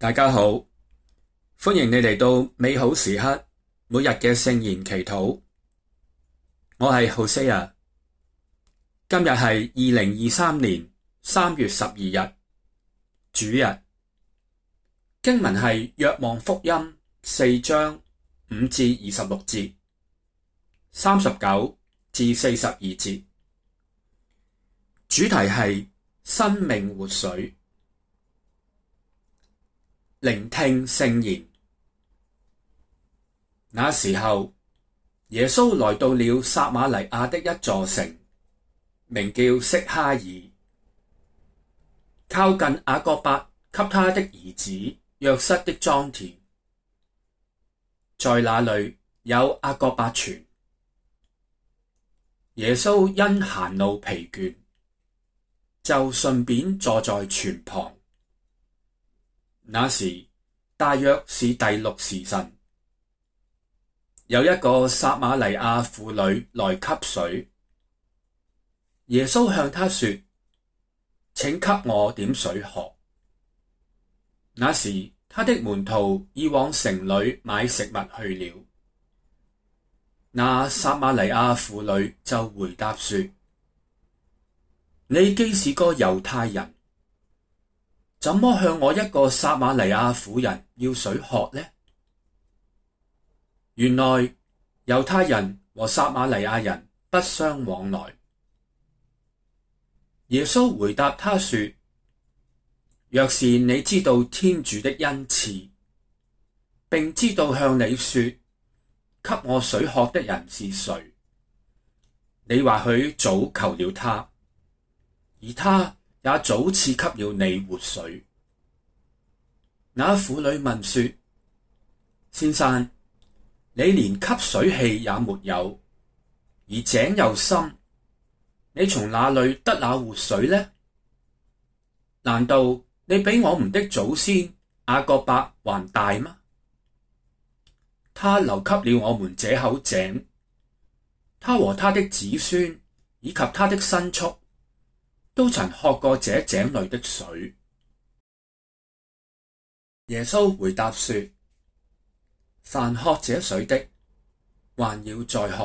大家好，歡迎你嚟到美好時刻每日嘅聖言祈禱。我係浩西啊，今日係二零二三年三月十二日，主日，經文係《若望福音》四章五至二十六節，三十九至四十二節，主題係生命活水。聆聽聖言。那時候，耶穌來到了撒瑪黎雅的一座城，名叫息哈爾，靠近雅各伯給他的兒子若瑟的莊田，在那裏有雅各伯泉。耶穌因行路疲倦，就順便坐在泉旁。那時大約是第六時辰，有一個撒瑪黎雅婦女來汲水。耶穌向她說：請給我點水喝。那時他的門徒已往城裏買食物去了。那撒瑪黎雅婦女就回答說：你既是個猶太人，怎麼向我一個撒瑪黎雅婦人要水喝呢？原來，猶太人和撒瑪黎雅人不相往來。耶穌回答他說：若是你知道天主的恩賜，並知道向你說給我水喝的人是誰，你或許早求了他，而他。也早賜給了你活水。那婦女問說：先生，你連汲水器也沒有，而井又深，你從哪裏得那活水呢？難道你比我們的祖先雅各伯還大嗎？他留給了我們這口井，他和他的子孫以及他的牲畜。」都曾喝過這井裏的水。耶穌回答說：凡喝這水的，還要再渴；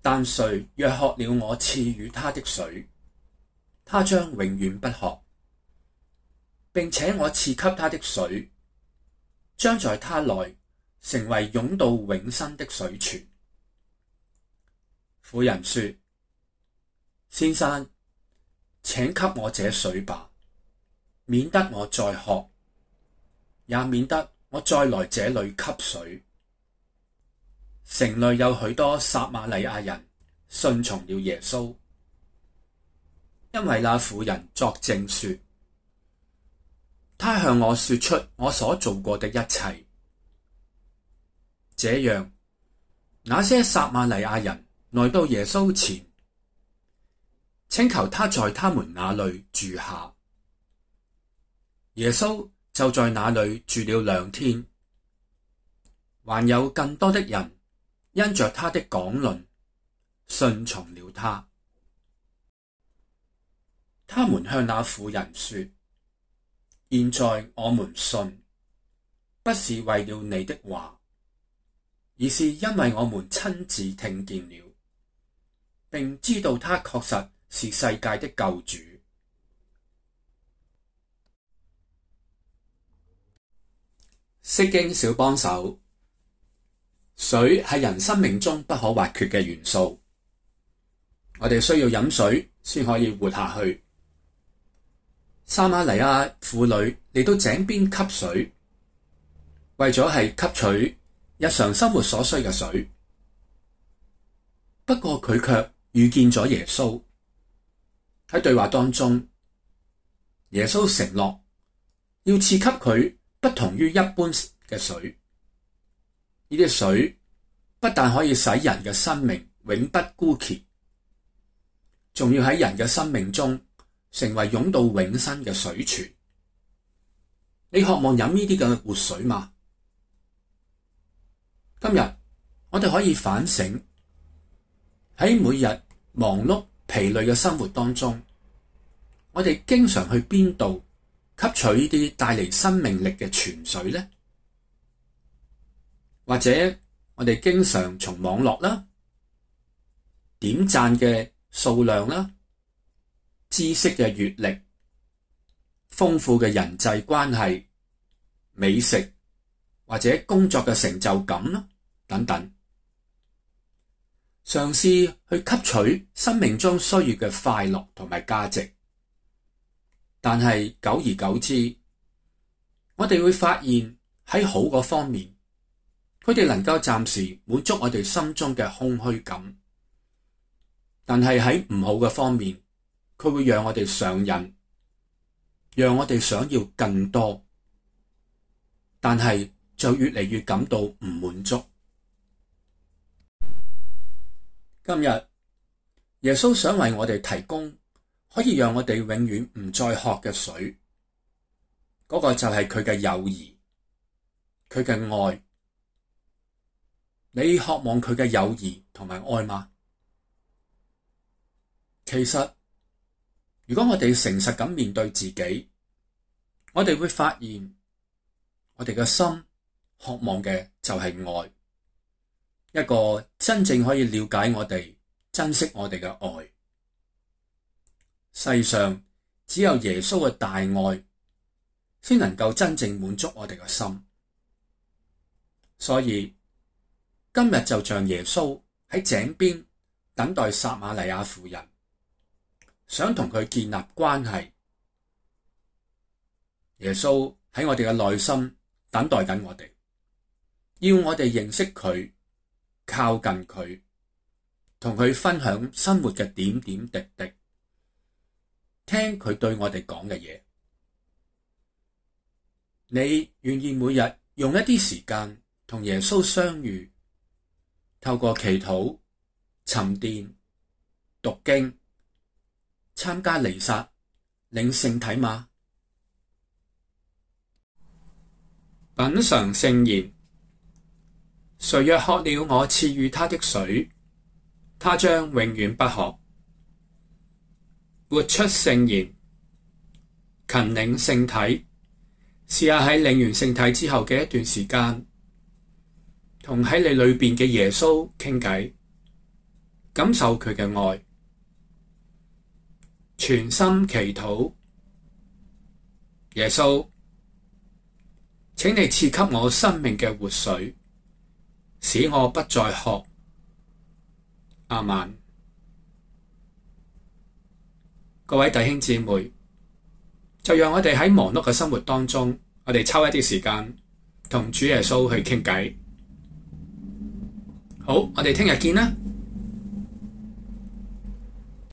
但誰若喝了我賜予他的水，他將永遠不渴，並且我賜給他的水，將在他內成為湧到永生的水泉。婦人說：先生。請給我這水吧，免得我再渴，也免得我再來這裏汲水。城內有許多撒瑪黎雅人信從了耶穌，因為那婦人作證說，祂向我說出我所做過的一切。這樣，那些撒瑪黎雅人來到耶穌前。請求他在他們那裡住下，耶穌就在那裡住了兩天。還有更多的人因着他的講論信從了他。他們向那婦人說：現在我們信，不是為了你的話，而是因為我們親自聽見了，並知道他確實。是世界的救主。釋經小幫手，水係人生命中不可或缺嘅元素，我哋需要飲水先可以活下去。撒瑪黎雅婦女嚟到井邊汲水，為咗係汲取日常生活所需嘅水。不過佢卻遇見咗耶穌。喺對話當中，耶穌承諾要賜給佢不同於一般嘅水。呢啲水不但可以使人嘅生命永不枯竭，仲要喺人嘅生命中成為湧到永生嘅水泉。你渴望飲呢啲嘅活水嘛？今日我哋可以反省喺每日忙碌。疲累嘅生活當中,我哋經常去邊度吸取呢啲帶嚟生命力嘅泉水呢?或者,我哋經常從網絡啦,點讚嘅數量啦,知識嘅閱歷,豐富嘅人際關係,美食,或者工作嘅成就感,等等。嘗試去吸取生命中需要嘅快樂同埋價值，但係久而久之，我哋會發現喺好個方面，佢哋能夠暫時滿足我哋心中嘅空虛感；但係喺唔好嘅方面，佢會讓我哋上癮，讓我哋想要更多，但係就越嚟越感到唔滿足。今日耶穌想為我哋提供可以讓我哋永遠唔再渴嘅水，嗰個就係佢嘅友誼，佢嘅愛。你渴望佢嘅友誼同埋愛嗎？其實如果我哋誠實咁面對自己，我哋會發現我哋嘅心渴望嘅就係愛。一個真正可以了解我哋、珍惜我哋嘅愛，世上只有耶穌嘅大愛，先能夠真正滿足我哋嘅心。所以今日就像耶穌喺井邊等待撒瑪黎雅婦人，想同佢建立關係。耶穌喺我哋嘅內心等待緊我哋，要我哋認識佢。靠近佢，同佢分享生活嘅點點滴滴，聽佢對我哋講嘅嘢。你願意每日用一啲時間同耶穌相遇，透過祈禱、沉澱、讀經、參加彌撒、領聖體嗎？品嘗聖言。誰若喝了我賜予他的水，他將永遠不渴。活出聖言，勤領聖體。試下喺領完聖體之後嘅一段時間，同喺你裏邊嘅耶穌傾偈，感受佢嘅愛，全心祈禱。耶穌，請你賜給我生命嘅活水。使我不再渴。阿們。各位弟兄姊妹，就讓我哋喺忙碌嘅生活當中，我哋抽一啲時間同主耶穌去傾偈。好，我哋聽日見啦。